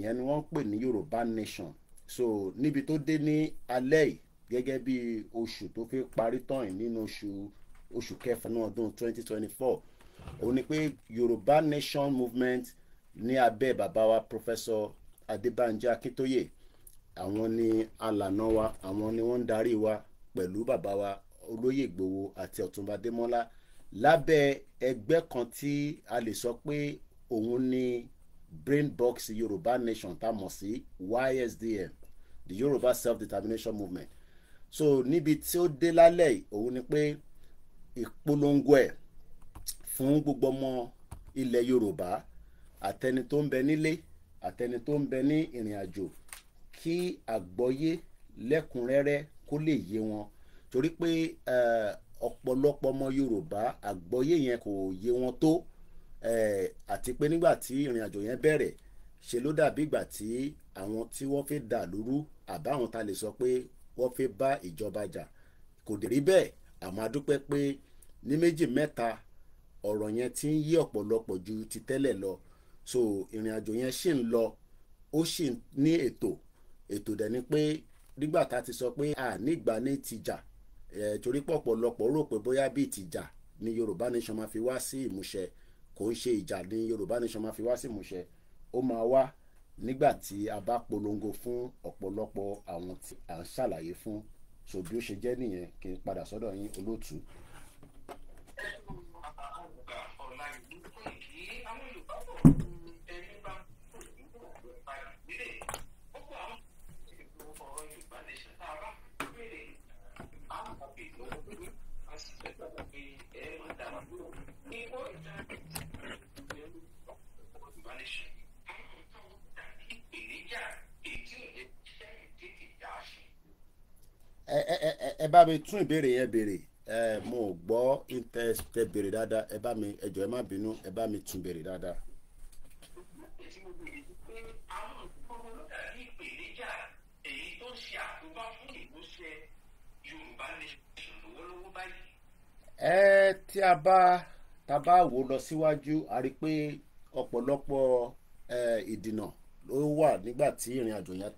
ìyẹn ni wọ́n ń pè ní Yorùbá Nation so níbi tó dé ní alẹ́ yìí gẹ́gẹ́ bí oṣù tó fi parí tán yìí nínú oṣù oṣù kẹfà ní ọdún 2024 òun ni pé Yorùbá Nation Movement ní abẹ́ bàbá wa Professor Adébánjí Akíntóyè àwọn ni alànà wa àwọn ni wọ́n ń darí wa pẹ̀lú bàbá wa olóyè Ìgbòho àti Ọ̀túnba Adémọ́lá lábẹ́ ẹgbẹ́ kan tí a lè sọ pé òun ni brainbox yorùbá nation tá a mọ̀ ysdm the yorùbá self-determination movement so níbi tí ó dé lálẹ́ òun ni pé ìpolongo ẹ̀ fún gbogbo ọmọ ilẹ̀ yorùbá àtẹni tó ń bẹ nílé àtẹni tó ń bẹ ní ìrìn àjò kí àgbọ́yé lẹ́kùnrẹ́rẹ́ kó lè yé wọn torí pé ọ̀pọ̀lọpọ̀ ọmọ yorùbá àgbọ́yé yẹn kò yé wọn tó. Eh, àti pé nígbà tí ìrìn àjò yẹn bẹ̀rẹ̀ ṣe ló dàbí ìgbà tí àwọn tí wọ́n fẹ́ dà lóru àbáwọn ta lè sọ pé wọ́n fẹ́ bá ìjọba jà kò dé rí bẹ́ẹ̀ àmọ́ adúpẹ́ pé ní méjì mẹ́ta ọ̀rọ̀ yẹn ti ń yí ọ̀pọ̀lọpọ̀ ju ti tẹ́lẹ̀ lọ so ìrìn àjò yẹn ṣì ń lọ ó ṣì ní ètò ètò dẹ̀ ni pé nígbà tá a ti sọ pé a nígbà ní tìjà eh, torí pọ̀ rò pé bóyá bíi tìjà ni Yorùbá nation máa fi wá sí ìmúṣẹ kò ń ṣe ìjà ní Yorùbá nation máa fi wá sí ìmúṣẹ ó máa wá nígbà tí a bá polongo fún ọ̀pọ̀lọpọ̀ àwọn tí à ń ṣàlàyé fún so bí ó ṣe jẹ́ nìyẹn kí n padà sọ́dọ̀ yín olóòtú. Thank you. ẹ bá mi tún ìbéèrè yẹn béèrè ẹ mo gbọ́ tẹ béèrè dáadáa ẹ bá mi ẹ jọ̀ọ́ ẹ má bínú ẹ bá mi tún béèrè dáadáa. ẹ tí a bá tá a bá wò lọ síwájú a rí i pé ọ̀pọ̀lọpọ̀ ìdìnà ló wà nígbà tí ìrìn àjò yẹn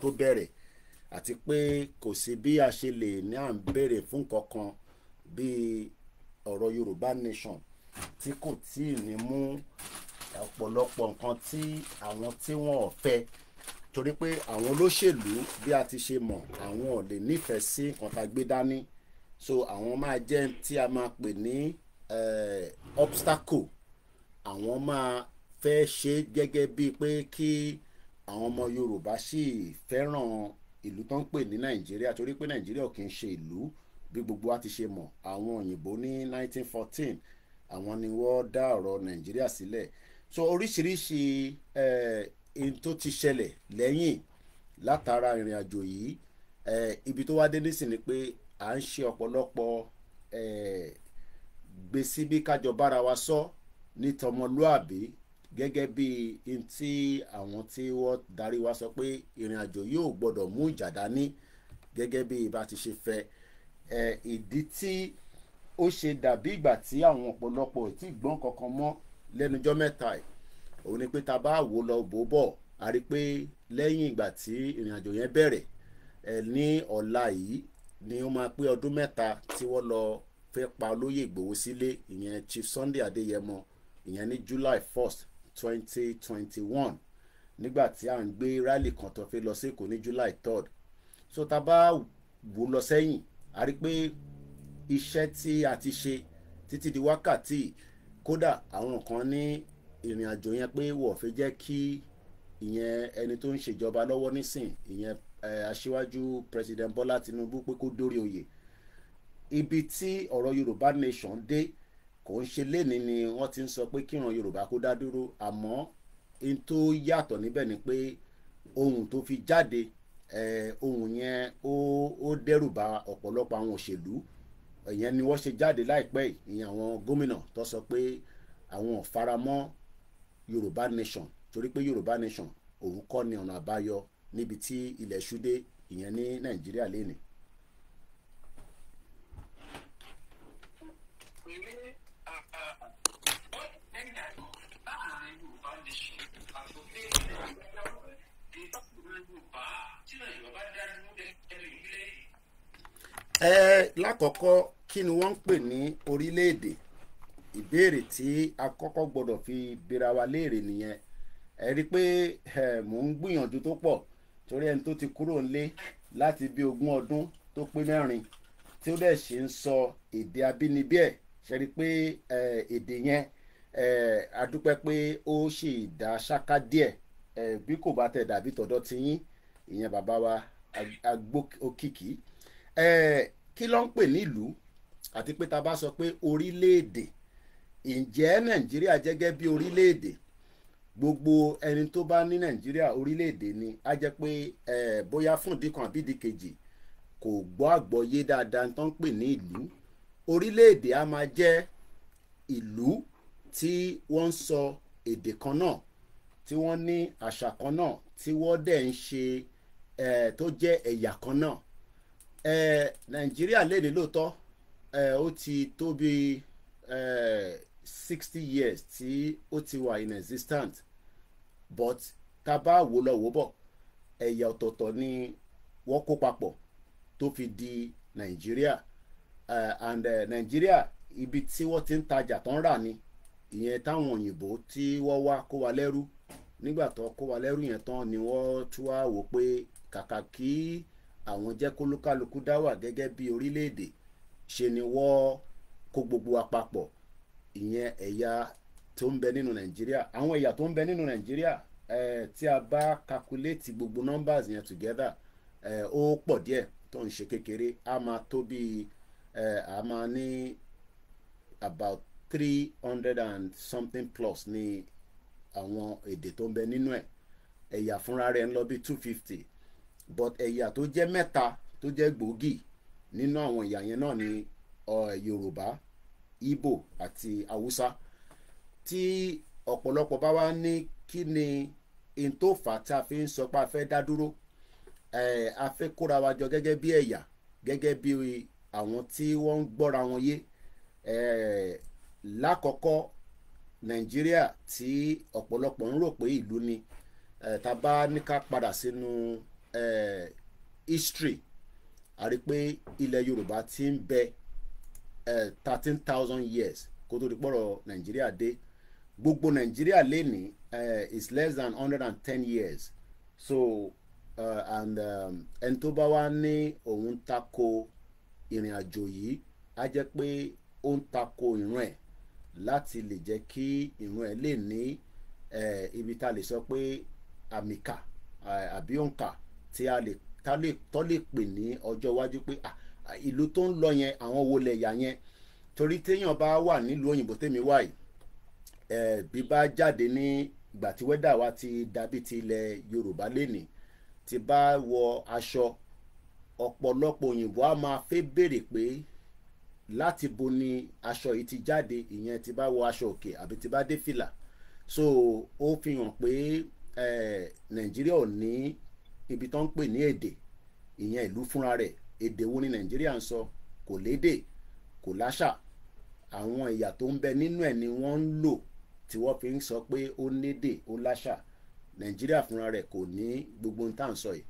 tó bẹ̀rẹ̀ àti pé kò sí bí a ṣe lè ní à ń béèrè fún kankan bíi ọ̀rọ̀ Yorùbá nation tí kò tí ì ní mú ọ̀pọ̀lọpọ̀ nǹkan tí àwọn tí wọ́n fẹ́ torí pé àwọn olóṣèlú bí a ti ṣe mọ̀ àwọn ò lè nífẹ̀ẹ́ sí nǹkan tá a gbé dání so àwọn máa jẹ́ tí a máa pè ní eh, obstacle àwọn máa fẹ́ ṣe gẹ́gẹ́ bíi pé kí àwọn ọmọ Yorùbá sì fẹ́ràn ìlú tó ń pè ní nàìjíríà torí pé nàìjíríà kì í ṣe ìlú bí gbogbo wa ti ṣe mọ̀ àwọn òyìnbó ní 1914 àwọn ni wọ́n dá ọ̀rọ̀ nàìjíríà sílẹ̀ so oríṣiríṣi ẹ̀ẹ́n eh, tó ti ṣẹlẹ̀ lẹ́yìn látara ìrìn àjò yìí eh, ibi tó wá dé nísìnyí pé à ń ṣe ọ̀pọ̀lọpọ̀ eh, gbèsè bí kájọ bára wa sọ ní tọmọlúàbí gẹ́gẹ́ bí n tí àwọn tí wọ́n darí wa sọ pé ìrìn àjò yóò gbọ́dọ̀ mú ìjà dání gẹ́gẹ́ bí bá ti ṣe fẹ́ ẹ ìdí tí ó ṣe dàbí ìgbà tí àwọn ọ̀pọ̀lọpọ̀ tí gbọ́n kankan mọ́ lẹ́nujọ́ mẹ́ta ẹ̀ òun ni pé ta bá wò lọ bò bọ̀ a rí i pé lẹ́yìn ìgbà tí ìrìn àjò yẹn bẹ̀rẹ̀ ẹ ní ọ̀la yìí ni ó máa pé ọdún mẹ́ta tí wọ́n lọ fẹ́ pa olóyè Ìgbòho sílé ìyẹn Chief Sunday Adéyẹmọ ìyẹn ní July 1st twenty twenty one nígbà tí à ń gbé rally kan tó fi lọ sí Èkó ní July third so tá a bá wò lọ sẹ́yìn a rí pé iṣẹ́ tí a ti ṣe títí di wákàtí kódà àwọn kan ní ìrìn àjò yẹn pé wọ́n fi jẹ́ kí ìyẹn ẹni tó ń ṣèjọba lọ́wọ́ nísìn ìyẹn aṣíwájú president Bọ́lá Tinubu pé kó dórí oyè ibi tí ọ̀rọ̀ Yorùbá nation dé kò ń ṣe léni ni wọ́n ti ń sọ pé kíran Yorùbá kó dá dúró àmọ́ n tó yàtọ̀ níbẹ̀ ni pé ohun tó fi jáde ohun yẹn ó dẹ́rù bà ọ̀pọ̀lọpọ̀ àwọn òṣèlú ìyẹn ni wọ́n ṣe jáde láìpẹ́ ìyẹn àwọn gómìnà tó sọ pé àwọn ò Yorùbá nation torí pé Yorùbá nation òun kọ́ ni ọ̀nà àbáyọ níbi tí ilẹ̀ ṣúdé ìyẹn ní Nàìjíríà lénìí. ẹ lákọ̀ọ́kọ́ kí ni wọ́n ń pè ní orílẹ̀-èdè ìbéèrè tí a kọ́kọ́ gbọ́dọ̀ fi bira wa léèrè nìyẹn ẹ rí i pé mò ń gbìyànjú tó pọ̀ torí ẹni tó ti kúrò nílé láti bí ogún ọdún tó pé mẹ́rin tí ó dẹ̀ ṣe ń sọ èdè abínibí ẹ̀ ṣe rí i pé èdè yẹn adúpẹ́ pé ó ṣì dá ṣáká díẹ̀ bí kò bá tẹ̀ dàbí tọ̀dọ̀ ti yín ìyẹn bàbá wa agbó òkìkí kí ló ń pè nílùú àti pé ta bá sọ pé orílẹ̀-èdè ǹjẹ́ nàìjíríà jẹ́gẹ́ bí orílẹ̀-èdè gbogbo ẹni tó bá ní nàìjíríà orílẹ̀-èdè ni á jẹ́ pé bóyá fún ìdí kan àbí ìdí kejì kò gbọ́ àgbọ́yé dáadáa tó ń pè ní ìlú orílẹ̀-èdè á máa jẹ́ ìlú tí wọ́n ń sọ èdè kan náà tí wọ́n ní àṣà kan náà tí wọ́n dẹ̀ ń ṣe tó jẹ́ ẹ̀yà kan náà nàìjíríà léde lóòótọ́ ó ti tó bí sixty years tí ó ti wà in existence but tá a bá wò lọ wò bọ̀ ẹ̀yà ọ̀tọ̀ọ̀tọ̀ ni wọ́n kó papọ̀ tó fi di nàìjíríà and nàìjíríà ibi tí wọ́n ti ń tajà tó ń rà ni ìyẹn táwọn òyìnbó tí wọ́n wá kó wa lẹ́rú nígbà tó kó wa lẹ́rú yẹn tán ni wọ́n tún wá wò pé kàkà kí àwọn jẹ́ kólúkálukú dá wà gẹ́gẹ́ bí orílẹ̀-èdè ṣe ni wọ́n kó gbogbo wa papọ̀ ìyẹn ẹ̀yà tó ń bẹ nínú nàìjíríà àwọn ẹ̀yà tó ń bẹ nínú nàìjíríà tí a bá kakuléètì gbogbo numbers yẹn together ó pọ̀ díẹ̀ tó ń ṣe kékeré a máa tó bíi a máa ní about three hundred and something plus ní àwọn èdè tó ń bẹ nínú ẹ̀ ẹ̀yà fúnra rẹ̀ ń lọ bí two fifty but ẹ̀yà tó jẹ́ mẹ́ta tó jẹ́ gbòógì nínú àwọn ẹ̀yà yẹn náà ni Yorùbá Ìgbò àti Haúsá tí ọ̀pọ̀lọpọ̀ bá wá ní kí ni n tó fà tá a fi ń sọ pé a fẹ́ dá dúró a fẹ́ kóra wa jọ gẹ́gẹ́ bí ẹ̀yà gẹ́gẹ́ bí àwọn tí wọ́n ń gbọ́ra wọn yé lákọ̀ọ́kọ́ nàìjíríà tí ọ̀pọ̀lọpọ̀ ń rò pé ìlú ni eh, tá bá ní ká padà sínú eh, history a rí pé ilẹ̀ yorùbá ti ń bẹ eh, thirteen thousand years kó tó di pọ̀rọ̀ nàìjíríà dé gbogbo nàìjíríà lénìí is less than hundred and ten years so uh, and um, ẹni tó bá wá ní òun tako ìrìn àjò yìí á jẹ́ pé ó ń tako ìran ẹ̀ láti lè jẹ́ kí ìrun ẹ̀ lè ní ibi tá a lè sọ pé àmì kà àbí òǹkà tí a lè tọ́ lè pè ní ọjọ́ iwájú pé ìlú tó ń lọ yẹn àwọn wo lẹ̀ yà yẹn torí téèyàn bá wà nílùú òyìnbó tèmi wà yìí bí bá jáde ní ìgbà tí wẹ́dà wa ti dàbí ti ilẹ̀ Yorùbá lénìí ti bá wọ aṣọ ọ̀pọ̀lọpọ̀ òyìnbó a máa fẹ́ béèrè pé láti bo ni aṣọ yìí ti jáde ìyẹn ti bá wọ aṣọ òkè àbí ti bá dé fìlà so ó fi hàn pé nàìjíríà ò ní ibi tó ń pè ní èdè ìyẹn ìlú fúnra rẹ̀ èdè wo ni nàìjíríà ń sọ kò lédè kò láṣà àwọn ẹ̀yà tó ń bẹ nínú ẹ̀ ni wọ́n ń lò tí wọ́n fi ń sọ pé ó lédè ó láṣà nàìjíríà fúnra rẹ̀ kò ní gbogbo ohun tá à ń sọ yìí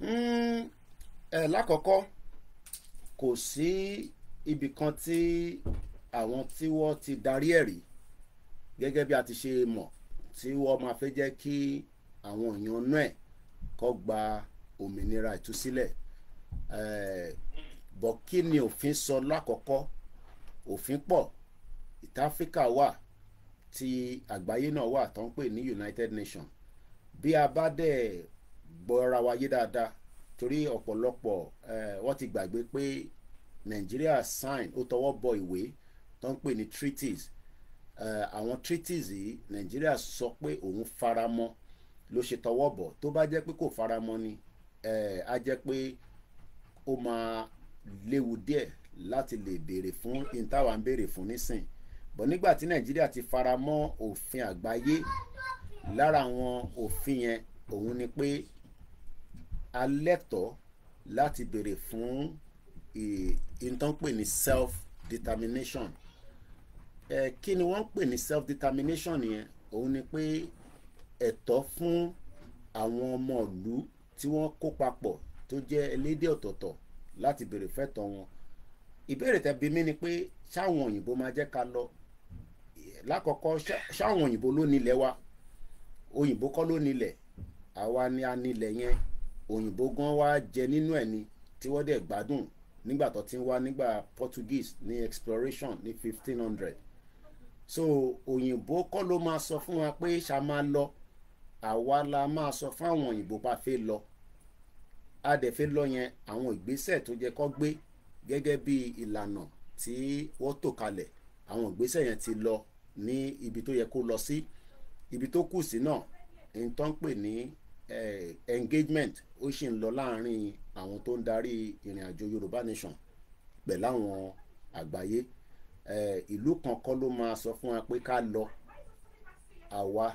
ẹ hmm, eh, lákọ̀ọ́kọ́ kò sí ibì kan tí àwọn tí wọ́n ti darí ẹ̀rí gẹ́gẹ́ bí a ti ṣe mọ̀ tí wọ́n máa fẹ́ jẹ́ kí àwọn èèyàn náà kọ́ gba òmìnira ìtúsílẹ̀ eh, bọ́ kí ni òfin sọ lákọ̀ọ́kọ́ òfin pọ̀ ìta áfíríkà wà tí àgbáyé náà wà tó ń pè ní United Nations bí a bá dẹ̀ gbọ́ra wa yé dáadáa torí ọ̀pọ̀lọpọ̀ eh, wọ́n ti gbàgbé pé Nàìjíríà sign ó tọwọ́ bọ ìwé tó ń pè ní treaties eh, àwọn uh, treaties yìí Nàìjíríà sọ pé òun faramọ́ ló ṣe tọwọ́ bọ̀ tó bá jẹ́ pé kò faramọ́ ni eh, á jẹ́ pé ó máa léwu díẹ̀ láti lè béèrè fún ìtawà ń béèrè fún nísìn bọ̀ nígbà tí Nàìjíríà ti faramọ́ òfin àgbáyé lára àwọn òfin yẹn òun ni pé alẹ́tọ̀ láti béèrè fún ìtànpè ní self determination ẹ eh, kí ni wọ́n pè ní self determination yẹn òun ni pé ẹ̀tọ́ fún àwọn ọmọ ìlú tí wọ́n kó papọ̀ tó jẹ́ elédè ọ̀tọ̀ọ̀tọ̀ láti béèrè fẹ́tọ̀ wọn ìbéèrè tẹ́ bi mí ni pé ṣáwọn òyìnbó máa jẹ́ ká lọ lákọ̀ọ́kọ́ ṣáwọn òyìnbó ló nílẹ̀ wa òyìnbó kọ́ ló nílẹ̀ àwa ni a nílẹ̀ yẹn òyìnbó gan wá jẹ nínú ẹ̀ ni tí wọ́n dẹ̀ gbádùn nígbà tó ti wá nígbà Portuguese ní exploration ní fifteen hundred so òyìnbó kọ́ ló máa sọ fún wa pé ṣá máa lọ àwa la máa sọ fún àwọn òyìnbó bá fẹ́ lọ a dẹ̀ fẹ́ lọ yẹn àwọn ìgbésẹ̀ tó jẹ́ kó gbé gẹ́gẹ́ bí ìlànà tí wọ́n tò kalẹ̀ àwọn ìgbésẹ̀ yẹn ti lọ ní ibi tó yẹ kó lọ sí ibi tó kù sí náà ní tó ń pè ní Eh, engagement ó sì ń lọ láàrin àwọn tó ń darí ìrìn àjò Yorùbá Nation pẹ̀lú àwọn àgbáyé eh, ìlú kan ló máa sọ fún wa pé ká lọ àwa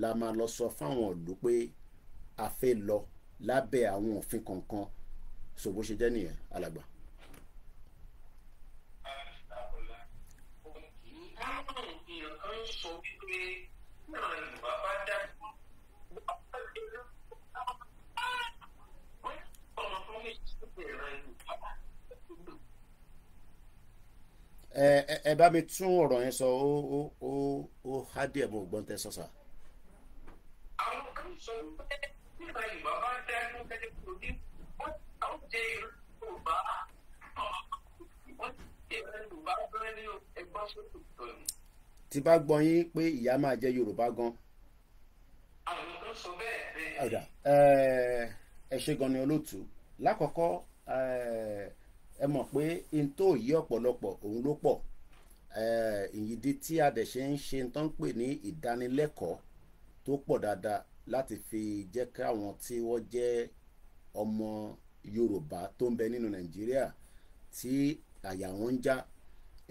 la máa lọ sọ fáwọn ìlú pé a fẹ́ lọ lábẹ́ àwọn òfin kankan so ṣe jẹ́ nìyẹn alàgbà. àwọn èèyàn kan ń sọ wípé náà Yorùbá bá dàgbà. ẹ ẹ bá mi tún ọ̀rọ̀ yẹn sọ ó ó ó ó há díẹ̀ mo gbọ́n tẹ sọ́sà. àwọn kan sọ pé nígbà yorùbá bá dẹ́nu ẹni kò ní wọ́n ó jẹ yorùbá wọ́n jẹ yorùbá bẹ́ẹ̀ ni ẹgbọ́n sọ́tò tó yìí. tí bá gbọ́ yín pé ìyá máa jẹ yorùbá gan. àwọn kan sọ bẹ́ẹ̀ bẹ́ẹ̀. ẹ ṣe gan ni olóòtú lákọ̀ọ́kọ́ ẹ̀ẹ́ ẹ mọ̀ pé n tó yí ọ̀pọ̀lọpọ̀ òun ló pọ̀ ìyídí tí a dẹ̀ ṣe ń ṣe tó ń pè ní ìdánilẹ́kọ̀ọ́ tó pọ̀ dáadáa láti fi jẹ́ káwọn tí wọ́n jẹ́ ọmọ Yorùbá tó ń bẹ nínú Nàìjíríà tí àyà wọn ń já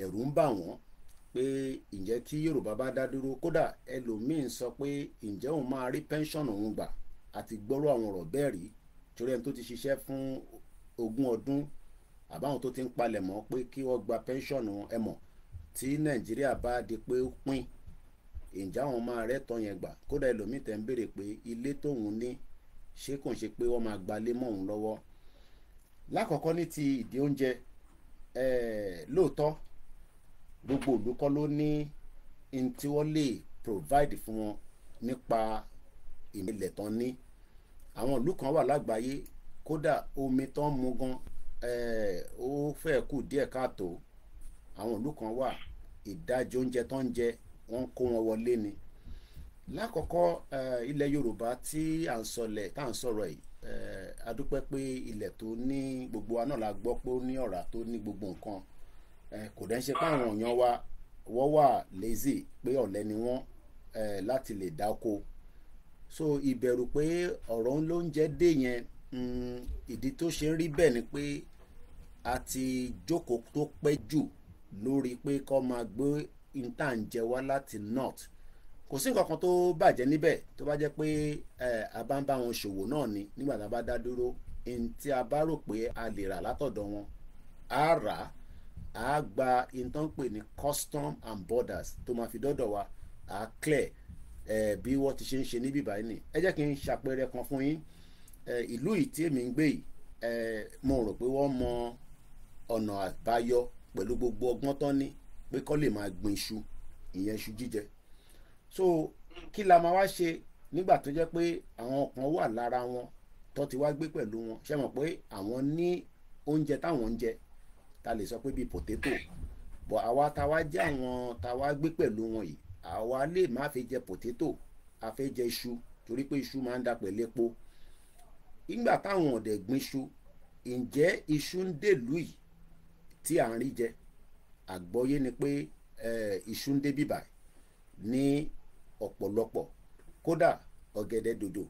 ẹ̀rù ń bà wọ́n pé ǹjẹ́ tí Yorùbá bá dá dúró kódà ẹlòmíín sọ pé ǹjẹ́ òun máa rí pẹ́ńsọ̀nù òun gbà àti gbọ́rọ̀ àwọn ọ̀rọ̀ bẹ́ẹ̀ rí torí ẹni tó ti ṣiṣẹ́ fún ogún ọdún àbáwọn tó ti ń palẹ̀ mọ́ pé kí wọ́n gba pẹ́ńsọ̀nù ẹ̀mọ̀ tí nàìjíríà bá di pé ó pín ǹjẹ́ àwọn máa rẹ́tọ̀ yẹn gbà kódà ẹlòmíì tẹ̀ ń béèrè pé ilé tóun ní ṣé kò ń ṣe pé wọ́n máa gbalé mọ́ òun lọ́wọ́ lákọ̀ọ́kọ́ ní ti ìdí oúnjẹ lóòótọ́ gbogbo ìlú kọ́ ló ní n tí wọ́n lè provide fún wọn nípa ìmìlẹ̀ tán ní àwọn ìlú kan wà lágbàáyé kódà omi tán mu gan ó fẹ́ kù díẹ̀ káàtó àwọn ìlú kan wà ìdajì oúnjẹ tó ń jẹ wọ́n kó wọn wọlé ni lákọ̀ọ́kọ́ ilẹ̀ Yorùbá tí à ń sọlẹ̀ tá à ń sọ̀rọ̀ yìí adúpẹ́ pé ilẹ̀ tó ní gbogbo wa náà la gbọ́ pé ó ní ọ̀rá tó ní gbogbo nǹkan kò dẹ́n ṣe pé èèyàn wa wọ́n wà lazy pé ọ̀lẹ ni wọ́n láti lè dáko so ìbẹ̀rù pé ọ̀rọ̀ ló ń jẹ́ dé yẹn Mm, ìdí tó ṣe ń rí bẹ́ẹ̀ ni pé a ti jókòó tó pẹ́ jù lórí pé kọ́ máa gbé intanjẹ wá láti north kò sí nǹkan kan tó bàjẹ́ níbẹ̀ tó bá jẹ́ pé a bá ń bá wọn ṣòwò náà ni nígbà tá a bá dá dúró ẹni tí a bá rò pé a lè rà látọ̀dọ̀ wọn á rà á gba ìtàn pè ní custom and borders tó máa fi dọ́dọ̀ wa á clear bí wọ́n ti ṣe ń ṣe níbí báyìí ni ẹ jẹ́ kí n ṣàpẹẹrẹ kan fún yín ìlú yìí tí èmi ń gbé yìí mo rò pé wọ́n mọ ọ̀nà àbáyọ pẹ̀lú gbogbo ọgbọ́n tán ní pé kọ́ lè máa gbin iṣu ìyẹn iṣu jíjẹ so kí la máa wá ṣe nígbà tó jẹ́ pé àwọn kan wà lára wọn tó ti wá gbé pẹ̀lú wọn ṣe mọ̀ pé àwọn ní oúnjẹ táwọn ń jẹ ta lè sọ pé bíi potato bọ̀ àwa ta wá jẹ́ àwọn ta wá gbé pẹ̀lú wọn yìí àwa lè má fi jẹ potato a fẹ́ jẹ iṣu torí pé iṣu máa ń da pẹ̀lú epo ìgbà táwọn ọ̀dẹ̀ gbin iṣu ǹjẹ́ iṣu ń dèlú yìí tí à ń rí jẹ àgbọ́yé ni pé iṣu ń dé bíbà ní ọ̀pọ̀lọpọ̀ kódà ọ̀gẹ̀dẹ̀ dòdò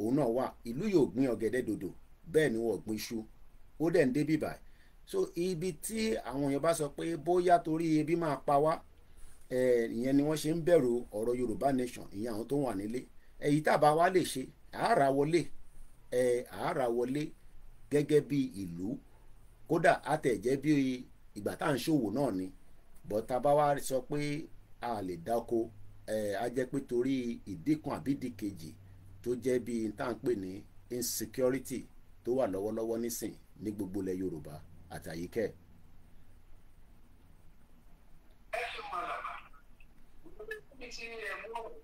òun náà wà ìlú yóò gbin ọ̀gẹ̀dẹ̀ dòdò bẹ́ẹ̀ ni wọ́n gbin iṣu ó dẹ̀ ń dé bíbà so ibi tí àwọn èèyàn bá sọ pé bóyá torí ebi máa pa wá ìyẹn ni wọ́n ṣe ń bẹ̀rù ọ̀rọ̀ Yorùbá nation ìyẹn àwọn tó wà nílé èyí tàbá wa lè ṣe àárà wọlé ẹ àárà wọlé gẹ́gẹ́ bí ìlú kódà àtẹ̀jẹ́ bí ìgbà tá à ń ṣòwò náà ni bọ́tà bá wá sọ pé a lè dáko ẹ a jẹ́ pé torí ìdínkù àbídì kejì tó jẹ́ bí tá à ń pè ní insecurity tó wà lọ́wọ́lọ́wọ́ nísìn ní gbogbo ilẹ̀ Yorùbá àtàyíkẹ́. ẹ ṣe mọ̀lá bí ti ẹ̀ mú ọ̀hún.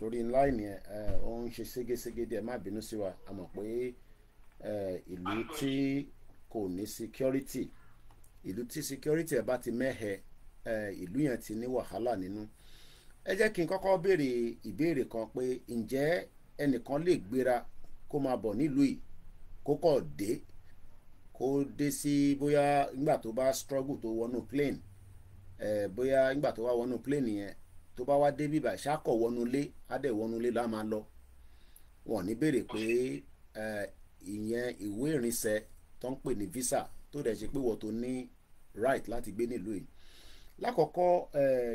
torí láìní ẹ ó ń ṣe ségesège díẹ̀ má bínú sí wa a pé ìlú tí kò ní security ìlú tí security ẹ bá ti mẹ́hẹ ìlú yẹn ti ní wàhálà nínú ẹ jẹ́ kí n kọ́kọ́ béèrè ìbéèrè kan pé ǹjẹ́ ẹnìkan lè gbéra kó máa bọ̀ nílùú yìí kó kọ̀ dé kó dé sí bóyá nígbà tó bá struggle tó wọnú plane bóyá nígbà tó wá wọnú plane yẹn tó bá wá dé bíbà ṣáàkọ̀ wọnúlé adẹ̀ wọnúlé la máa lọ wọn ní béèrè pé ìyẹn ìwé ìrìnsẹ̀ tó ń pè ní visa tó dẹ̀ ṣe pé wọ́n tó ní right láti gbé nílùú yìí lákọ̀ọ́kọ́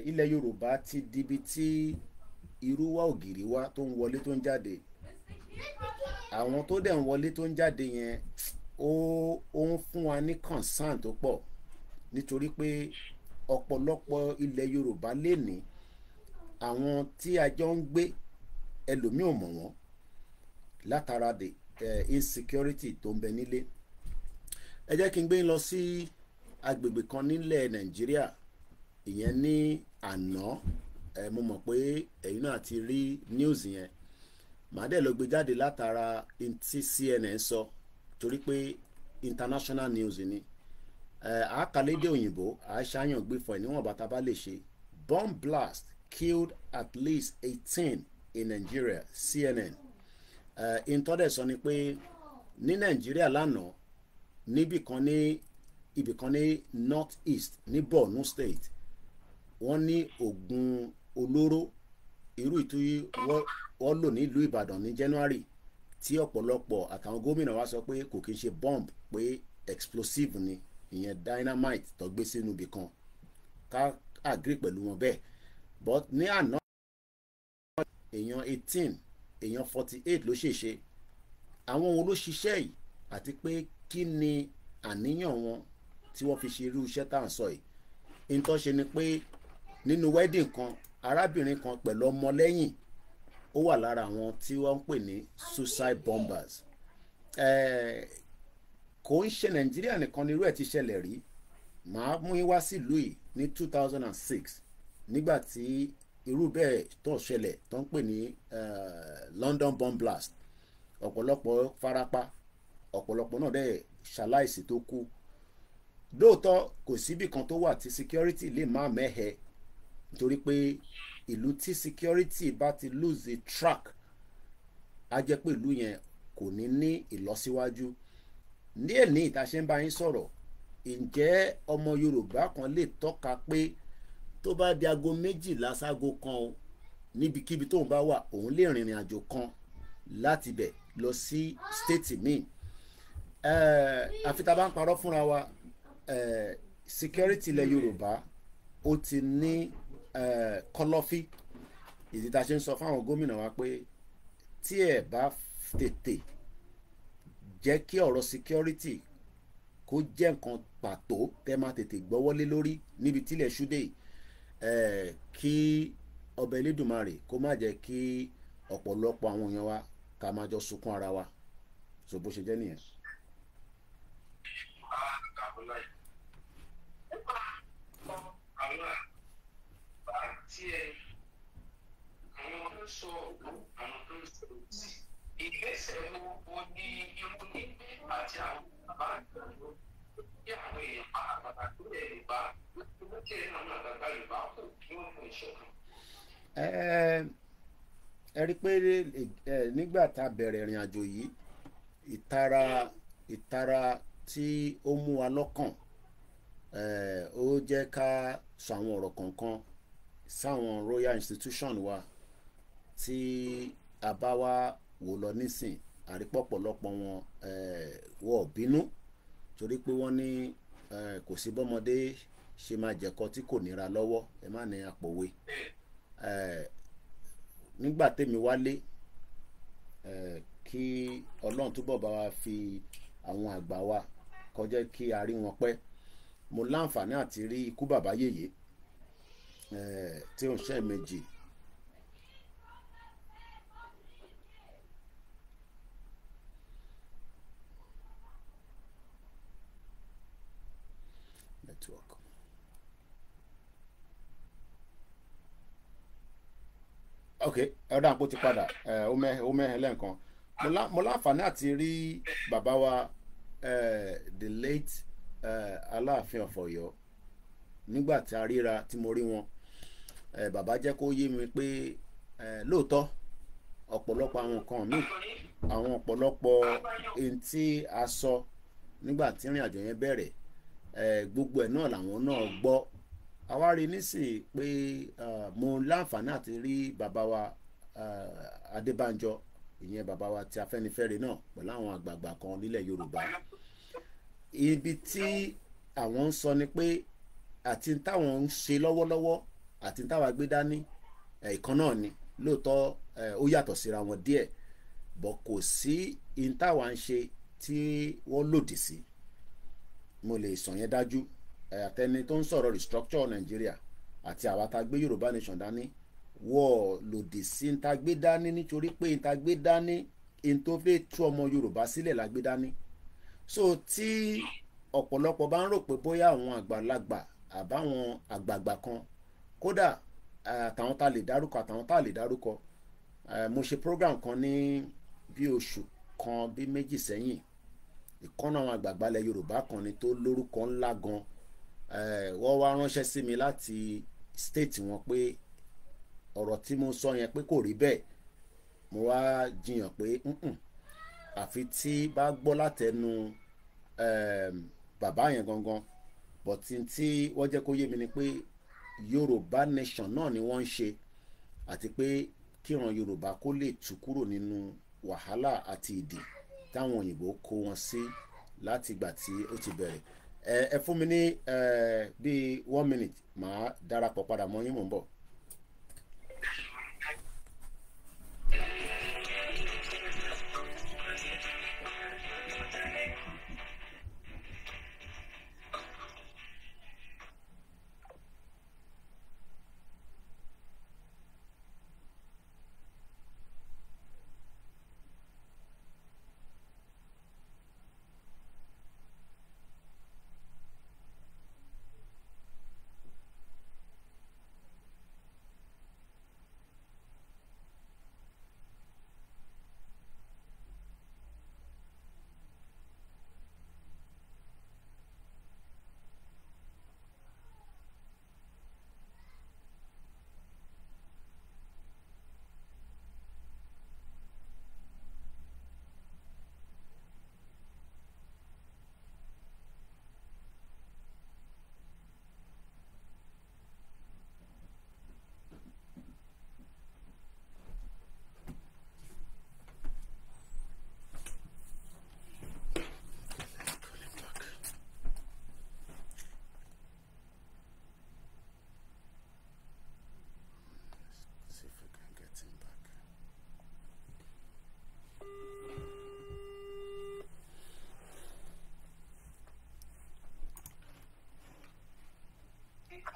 ilẹ̀ Yorùbá ti dibi tí irú wa ògiri wa tó ń wọlé tó ń jáde àwọn tó dẹ̀ ń wọlé tó ń jáde yẹn ó ń fún wa ní concern tó pọ̀ nítorí pé ọ̀pọ̀lọpọ̀ ilẹ̀ Yorùbá lè ní àwọn tí a jọ ń gbé ẹlòmíì ò mọ̀ wọ́n látara the uh, insecurity tó ń bẹ nílé ẹ jẹ́ kí n gbé yín lọ sí agbègbè kan nílẹ̀ Nàìjíríà ìyẹn ní àná ẹ eh, mo mọ̀ pé ẹ̀yin náà ti rí news yẹn màá dẹ̀ lọ gbé jáde látara tí CNN sọ torí pé international news ni àákàlédè eh, òyìnbó àá ṣàyàn gbé fọ ẹ̀ níwọ̀nba tá bá lè ṣe bomb blast killed at least eighteen in Nigeria CNN ìtọ́dẹ̀ eh, sọ ni pé ní Nàìjíríà lánàá níbì kan ní ibì kan ní North East ní Borno State wọ́n ní oògùn olóró irú ìtúyí wọ́n lò nílùú Ìbàdàn ní January tí ọ̀pọ̀lọpọ̀ àtàwọn gómìnà wa sọ pé kò kí n ṣe bomb pé explosive ni ìyẹn dynamite tó gbé sínú ibì kan ká agree pẹ̀lú wọn bẹ́ẹ̀ but ní àná èèyàn eighteen èèyàn forty eight ló ṣèṣe àwọn ohun ló ṣiṣẹ́ yìí àti pé kí ni àníyàn wọn tí wọ́n fi ṣe irú iṣẹ́ tá à ń sọ yìí nǹkan ṣe ni pé nínú wedding kan arábìnrin kan pẹ̀lú ọmọ lẹ́yìn ó wà lára àwọn tí wọ́n ń pè ní suicide bombers kò ń ṣe nàìjíríà nìkan ni irú ẹ̀ ti ṣẹlẹ̀ rí màá mú yín wá sílùú yìí ní two thousand and six nígbà tí irú bẹ́ẹ̀ tó ṣẹlẹ̀ tó ń pè ní eh, London bomb blast ọ̀pọ̀lọpọ̀ farapa ọ̀pọ̀lọpọ̀ náà dẹ̀ ṣaláìsí tó kú lóòótọ́ kò síbì kan tó wà tí security lè má mẹ́hẹ nítorí pé ìlú tí security bá ti lose the track á jẹ́ pé ìlú yẹn kò ní ní ìlọsíwájú ní èní ìta ṣe ń bá yín sọ̀rọ̀ ǹjẹ́ ọmọ Yorùbá kan lè tọ́ka pé tó bá di aago méjìlá ságo kan o níbikíbi tóun bá wà òun lè rìnrìn àjò kan láti bẹ̀ lọ sí stéètì míì àfi tá a bá ń parọ́ fúnra wa security ilẹ̀ Yorùbá ó ti ní kọlọ́fí ìdí tá a ṣe ń sọ fáwọn gómìnà wa pé tí ẹ bá tètè jẹ́ kí ọ̀rọ̀ security kó jẹ́ nǹkan pàtó tẹ́ máa tètè gbọ́wọ́lé lórí níbi tílẹ̀ ṣúdẹ̀ kí ọbẹ̀ elédùnmarè kó má jẹ́ kí ọ̀pọ̀lọpọ̀ àwọn èèyàn wa ká máa jọ sunkún ara wa so bó ṣe jẹ́ nìyẹn. ẹ rí i pé nígbà tá a bẹ̀rẹ̀ ìrìn àjò yìí ìtara ìtara tí ó mú wa lọ́kàn ó jẹ́ ká sọ àwọn ọ̀rọ̀ kọ̀ọ̀kan sáwọn royal institution wa tí a bá wá wò lọ nísìn àrípọ̀pọ̀lọpọ̀ wọn wọ́n bínú torí pé wọ́n ní kò sí bọ́mọdé ṣe máa jẹ̀kọ tí kò níra lọ́wọ́ ẹ má ní àpòwe nígbà tèmi wálé kí ọlọ́run túbọ̀ bá wa fi àwọn àgbà wa kọjá kí a rí wọn pẹ́ mo láǹfààní àti rí ikú bàbá yèyé tí ó ń ṣe méjì ok ọ̀dà àpò ti padà ó mẹ́hẹ̀ ó mẹ́hẹ̀ lẹ́ǹkan mo láǹfààní àti rí bàbá wa the late uh, aláàfin of Ọ̀yọ́ nígbà tí a ríra tí mo rí wọn bàbá jẹ́ kó yé mi pé lóòótọ́ ọ̀pọ̀lọpọ̀ àwọn nǹkan míì àwọn ọ̀pọ̀lọpọ̀ ohun tí a sọ nígbà tí ìrìn àjò yẹn bẹ̀rẹ̀ gbogbo ẹ̀ náà làwọn náà gbọ́ àwa rí nísìnyí pé mo láǹfààní àti rí bàbá wa Adébánjọ ìyẹn bàbá wa ti Afẹ́nifẹ́re náà pẹ̀lú àwọn àgbààgbà kan nílẹ̀ Yorùbá ibi tí àwọn ń sọ ni pé àti táwọn ń ṣe lọ́wọ́lọ́wọ́ àti táwọn agbé dání ìkan náà ni lóòótọ́ ó yàtọ̀ síra wọn díẹ̀ bọ̀ kò sí in táwọn ń ṣe tí wọ́n lòdì sí mo lè sọ yẹn dájú Eh, àtẹni tó ń sọ̀rọ̀ restructure Nàìjíríà àti àwa tá a gbé Yorùbá nation dání wọ́ lòdì sí n ta gbé dání nítorí pé n ta gbé dání n tó fẹ́ tú ọmọ Yorùbá sílẹ̀ la gbé dání so tí ọ̀pọ̀lọpọ̀ bá ń rò pé bóyá àwọn àgbàlagbà àbáwọn àgbààgbà kan kódà eh, àtàwọn tá a lè dárúkọ àtàwọn tá a lè dárúkọ eh, mo ṣe program kan ní bí oṣù kan bí méjì sẹ́yìn ìkànnà àwọn àgbààgbà ilẹ̀ Yorùbá kan ni tó lórúkọ ńlá gan-an Eh, wọ́n wá ránṣẹ́ sí mi láti state wọn pé ọ̀rọ̀ tí mo sọ yẹn pé kò rí bẹ́ẹ̀ mo wá jiyàn pé àfi tí bá gbọ́ látẹnu ehm, bàbá yẹn gangan bọ̀tí tí wọ́n jẹ́ kó yé mi ni pé Yorùbá nation náà ni wọ́n ń ṣe àti pé kíran Yorùbá kó lè tú kúrò nínú wàhálà àti ìdè táwọn òyìnbó kó wọn sí láti ìgbà tí ó ti bẹ̀rẹ̀ ẹ fún mi ní bíi one minute màá darapọ̀ padà mọ́ yín mò ń bọ̀.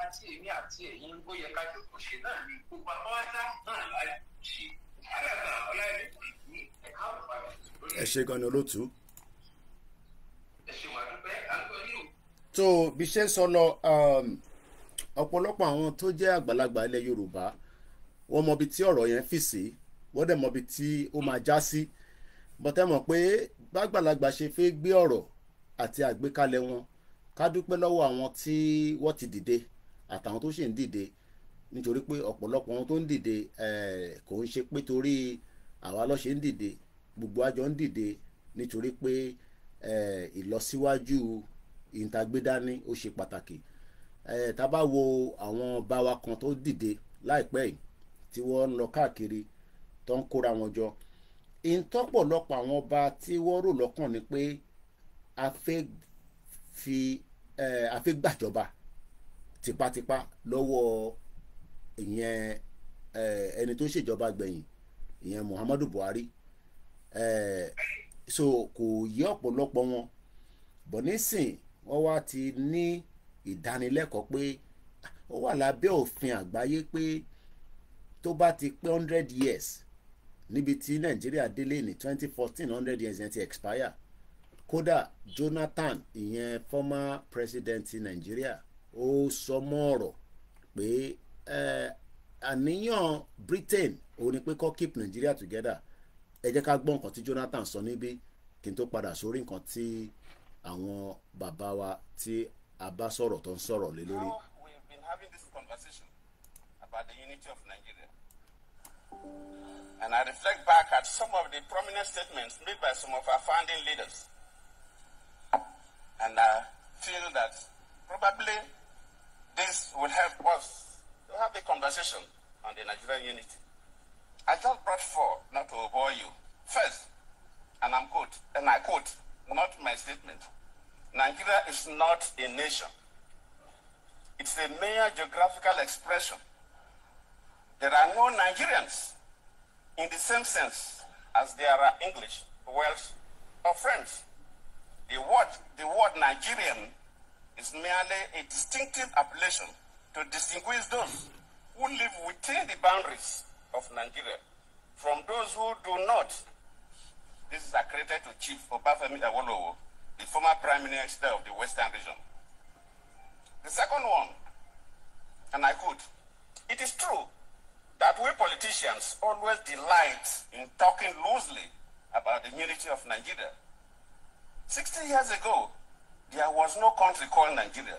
nǹkan tí èmi àti ẹ̀yin ó yẹ ká jókòó ṣe náà ni gbogbo apáwátá náà láì ṣe alága ọláìlẹ́kùn ní ẹ̀ka òpàdé. ẹ ṣe gan ni olótú. ẹ ṣe wà dúpẹ́ àgbọ̀nrín o. tó bí ṣe ń sọ lọ um, ọ̀pọ̀lọpọ̀ àwọn tó jẹ́ àgbàlagbà ilẹ̀ Yorùbá wọ́n mọbi tí ọ̀rọ̀ yẹn fì sí wọ́n dẹ̀ mọbi tí ó máa já sí bọ́tẹ́ mọ̀ pé bàgbàlagbà ṣe fẹ́ gbé ọ̀rọ̀ àti àgbékalẹ̀ wọn ká dúpẹ́ lọ́wọ́ àwọn tí wọ́n ti dìde àtàwọn tó sì ń dìde nítorí pé ọ̀pọ̀lọpọ̀ wọn tó ń dìde kò ń ṣe pé torí àwa ló ṣe ń dìde gbogbo àjọ ń dìde nítorí pé ìlọsíwájú ìntàgbédání ó ṣe pàtàkì tá a bá wo àwọn báwa kan tó dìde láìpẹ́ yìí tí wọ́n ń lọ káàkiri tó ń kóra wọn jọ ìtọ́pọ̀lọpọ̀ àwọn ọba tí wọ́n rò lọ́kàn ni pé a fẹ́ gbàjọba tipátipá lọ́wọ́ ìyẹn eh, ẹni tó ń ṣèjọba gbẹ̀yìn ìyẹn Muhammadu Buhari eh, so kò yé ọ̀pọ̀lọpọ̀ wọn bọ̀ nísìn wọ́n wá ti ní ìdánilẹ́kọ̀ọ́ pé ó wà lábẹ́ òfin àgbáyé pé tó bá ti pé hundred years níbi tí Nàìjíríà délé ní twenty fourteen hundred years yẹn ti expire kódà Jonathan ìyẹn former president ti Nàìjíríà ó sọ mọ́ ọ̀rọ̀ pé àníyàn Britain òun ni pé kó keep Nigeria together ẹ jẹ́ ká gbọ́ nǹkan tí Jonathan sọ níbí kí n tó padà sórí nǹkan tí àwọn bàbá wa tí a bá sọ̀rọ̀ tó ń sọ̀rọ̀ lé lórí. we've been having this conversation about the unity of Nigeria. And I reflect back at some of the prominent statements made by some of our founding leaders. And I feel that probably this will help us to have a conversation on the Nigerian unity. I just brought four, not to bore you. First, and I'm quote, and I quote, not my statement. Nigeria is not a nation. It's a mere geographical expression. There are no Nigerians in the same sense as there are English, Welsh, or French. The word, the word Nigerian is merely a distinctive appellation to distinguish those who live within the boundaries of Nigeria from those who do not. This is accredited to Chief Obafemi Awolowo, the former Prime Minister of the Western Region. The second one, and I quote, it is true that we politicians always delight in talking loosely about the unity of Nigeria. 60 years ago, there was no country called Nigeria.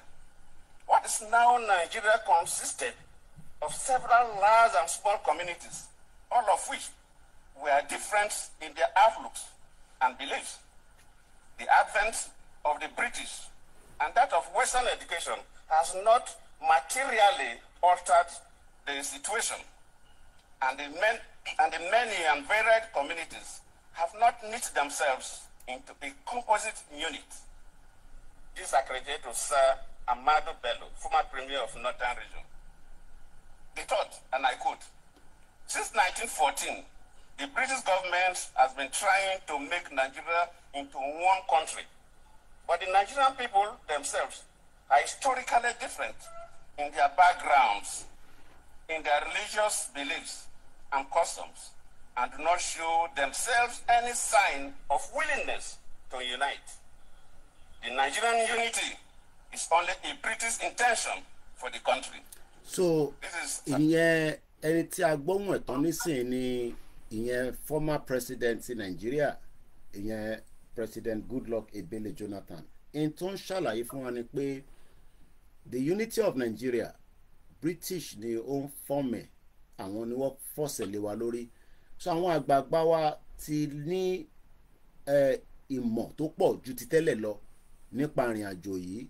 What is now Nigeria consisted of several large and small communities, all of which were different in their outlooks and beliefs. The advent of the British and that of Western education has not materially altered the situation, and the, men, and the many and varied communities have not knit themselves into a composite unit disaccredited to Sir Amado Bello, former Premier of Northern Region. They thought, and I quote, since 1914, the British government has been trying to make Nigeria into one country. But the Nigerian people themselves are historically different in their backgrounds, in their religious beliefs and customs, and do not show themselves any sign of willingness to unite. The Nigerian unity is only a British intention for the country. So ìyẹn ẹni tí a gbóhùn ẹ̀ tán nísìnyí ni ìyẹn former president ti Nàìjíríà ìyẹn President Goodluck Ebele Jonathan in tó ń ṣàlàyé fún wa ni pé the unity of Nigeria British ni ó ń fọ́ọ̀mẹ̀ àwọn ni wọ́n fọ̀sẹ̀ lé wa lórí so àwọn àgbààgbà wa ti ní ìmọ̀ tó pọ̀ ju ti tẹ́lẹ̀ lọ nípa ìrìn àjò yìí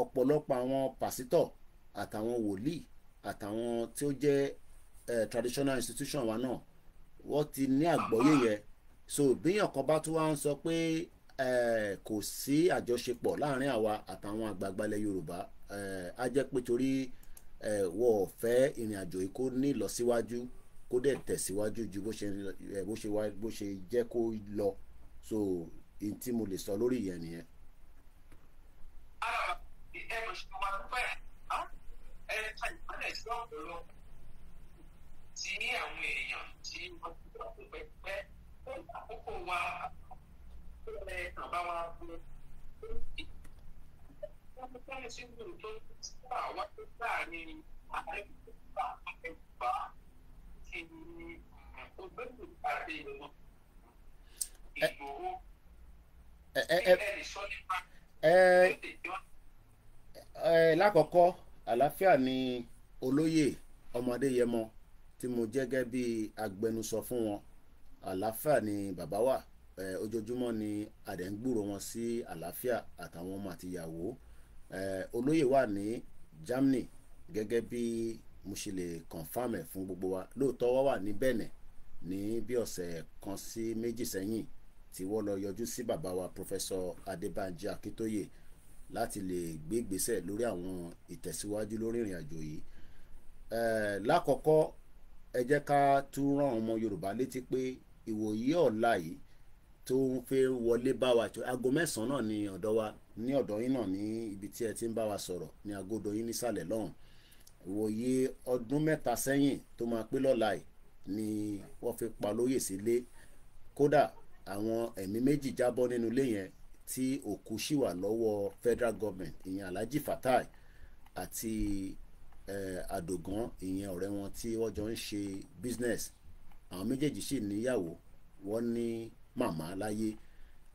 ọ̀pọ̀lọpọ̀ àwọn pásítọ̀ àtàwọn wòlíì àtàwọn tí ó jẹ́ traditional institution wa náà wọ́n ti ní àgbọ́yé yẹn so bíyàn kan bá tún wá ń sọ pé kò sí àjọṣepọ̀ láàrin àwa àtàwọn àgbààgbà ilẹ̀ Yorùbá á jẹ́ pé torí wọ́n ò fẹ́ ìrìn àjò yìí kó ní ìlọsíwájú kó dẹ̀ tẹ̀síwájú ju bó ṣe jẹ́ kó lọ so n tí mo lè sọ lórí ìyẹn nìyẹn ara ni ẹ mọ̀ ṣe wá pẹ́ ẹ ta ìpínlẹ̀ sí ọ̀pọ̀lọ tí àwọn èèyàn tí wọ́n ti wá tó pẹ́ pẹ́ àkókò wa ẹ lákọ̀ọ́kọ́ àlàáfíà ni olóyè ọmọdéyẹmọ tí mo jẹ́ gẹ́gẹ́ bí agbẹnusọ fún wọn àlàáfíà ni bàbá wa ojoojúmọ́ ni àdẹ̀ ń gbúrò wọn sí àlàáfíà àtàwọn ọmọ àtìyàwó olóyè wà ní Germany gẹ́gẹ́ bí mo ṣe lè confam ẹ̀ fún gbogbo wa lóòótọ́ wọ́n wà ní Benin ní bí ọ̀sẹ̀ kan sí méjì sẹ́yìn tí wọ́n lọ yọjú sí bàbá wa Professor Adébánjí Akíntóyè láti lè gbé ìgbésẹ̀ lórí àwọn ìtẹ̀síwájú lórí ìrìn àjò yìí. lákọ̀ọ́kọ́ ẹ jẹ́ ká tún rán ọmọ Yorùbá létí pé ìwòye ọ̀la yìí tó ń fẹ́ wọlé bá wa tó aago mẹ́sàn-án náà ní ọ̀dọ̀ wa ní ọ̀dọ̀ yín náà ní ibi tí ẹ ti ń bá wa sọ̀rọ̀ ní agodo yín nísàlẹ̀ lọ́hùn ìwòye ọdún mẹ́ta sẹ́yìn tó máa pé lọ́la yìí ni wọ́n fi pa lóyè sílé kódà àwọn ẹ̀mí méjì jábọ́ nínú ilé yẹn tí òkú sì wà lọ́wọ́ federal government ìyẹn Alhaji Fatai àti àdògán ìyẹn ọ̀rẹ́ wọn tí wọ́n jọ ń ṣe business àwọn méjèèjì sì níyàwó wọ́n ní màmá láyé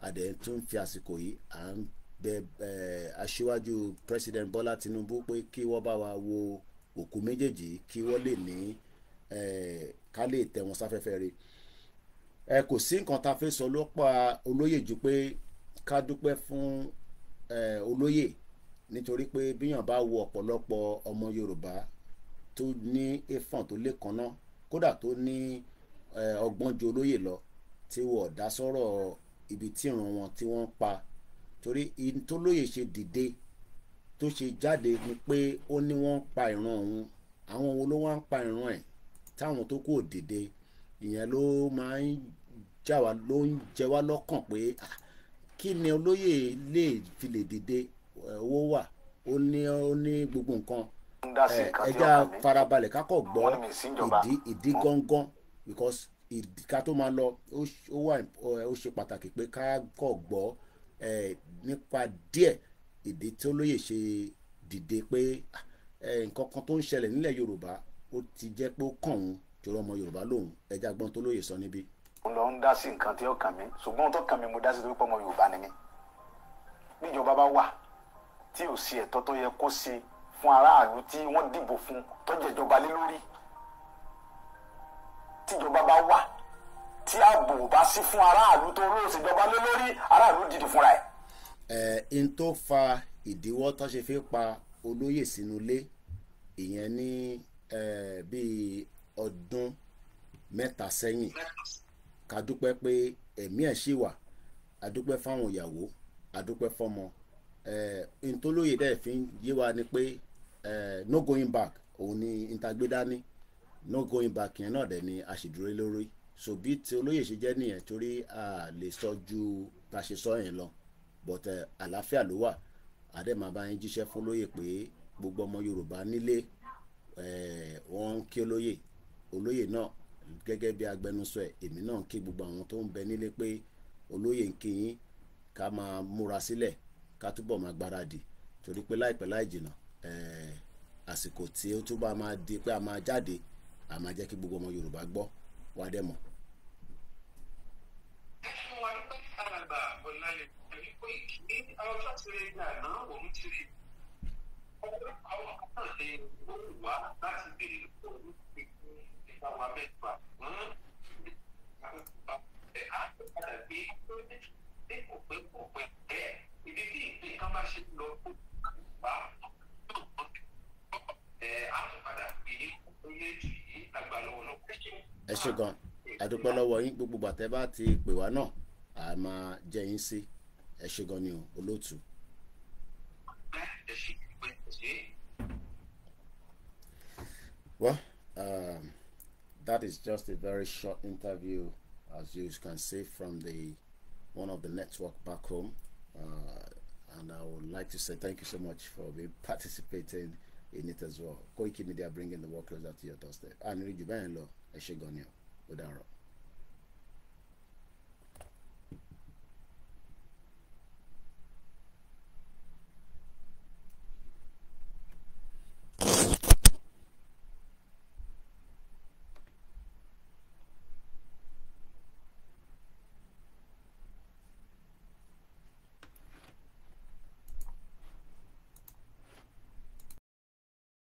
adẹ̀ tún fi àsìkò yìí à ń bẹ aṣíwájú president Bọ́lá Tinubu pé kí wọ́n bá wa wo òkú méjèèjì kí wọ́n lè ní ká lè tẹ̀ wọ́n sáfẹ́fẹ́ rẹ̀ ẹ kò sí nǹkan tá a fẹ́ sọ lọ́pọ̀ olóyè ju pé ká dúpẹ́ fún olóyè nítorí pé bíyàn bá wo ọ̀pọ̀lọpọ̀ ọmọ Yorùbá tó ní efon tó lè kanná kódà tó ní ọgbọ́n ju olóyè lọ tí wọ́n dá sọ̀rọ̀ ibi tí ìran wọn tí wọ́n ń pa torí ìtòlóyè ṣe dìde tó ṣe jáde ni pé ó ní wọ́n ń pa ìran òun àwọn wo ló wá ń pa ìran ẹ̀ táwọn tó kù ò dìde ìyẹn ló máa ń já wa ló ń jẹ wá lọ́kàn pé ah, kí ni olóyè lè fi lè dìde owó wà ó ní ó ní gbogbo nǹkan ẹja farabalẹ̀ kákọ̀ gbọ́ ìdí ìdí gángan because ìdí ká tó máa lọ ó wà ó ṣe pàtàkì pé ká kọ̀ gbọ́ nípa díẹ̀ ìdí tí olóyè ṣe dìde pé ah, nǹkan kan tó ń ṣẹlẹ̀ nílẹ̀ Yorùbá ó ti jẹ́ pé ó kàn òun jọ̀rọ̀ ọmọ Yorùbá lòun ẹja gbọ́n tó lóye sọ níbí lọ ń dá sí nǹkan tí ó kàn mí ṣùgbọ́n tó kàn mí mo dá sí torí pé ọmọ Yorùbá ni mí níjọba bá wà tí ò sí ẹ̀tọ́ tó yẹ kó ṣe fún aráàlú tí wọ́n dìbò fún tó jẹ̀jọba lé lórí tíjọba bá wà tí ààbò bá sí fún aráàlú tó ró òṣèjọba lé aráàlú dìde fúnra ẹ̀. ẹ n tó fa ìdíwọ́ tó ṣe fi pa olóyè sínú ilé ìyẹn ní bíi ọdún mẹ́ta sẹ́yìn. mẹ́ta sẹ́yìn ká dúpẹ́ pé ẹ̀mí ẹ̀ ṣì wà a dúpẹ́ fáwọn ìyàwó a dúpẹ́ fọ́mọ ntolóye dẹ́ fi ń yé wa ni pé no going back òun ni ntagbédání no going back yẹn náà dẹ̀ ni a sì dúró lórí so bí ti olóyè ṣe jẹ́ nìyẹn torí a lè sọ ju ta ṣe sọ yẹn lọ but àlàáfíà ló wà àdèmàbá yín jíṣẹ́ fún olóyè pé gbogbo ọmọ Yorùbá nílé wọ́n ń kí olóyè olóyè náà gẹ́gẹ́ bí agbẹnusọ ẹ̀ èmi náà ń kí gbogbo àwọn tó ń bẹ nílé pé olóyè ń kí yín ká máa múra sílẹ̀ ká túbọ̀ máa gbáradì torí pé láìpẹ́ láì jìnà àsìkò tí ó túbọ̀ máa di pé a máa jáde a máa jẹ́ kí gbogbo ọmọ Yorùbá gbọ́ wá dẹ̀ mọ̀. Thank you táwọn amẹ́fà ẹ̀ ẹ ṣe gan àdúpẹ́ lọ́wọ́ yín gbogbo gbàtẹ́ bá ti pè wá náà a máa jẹ́ yín sí ẹ ṣe gan ni o olóòtú. ẹ that is just a very short interview as you can see from the one of the network back home uh, and I would like to say thank you so much for being participating in it as well Koiki Media bringing the work closer to your doorstep and read the ẹ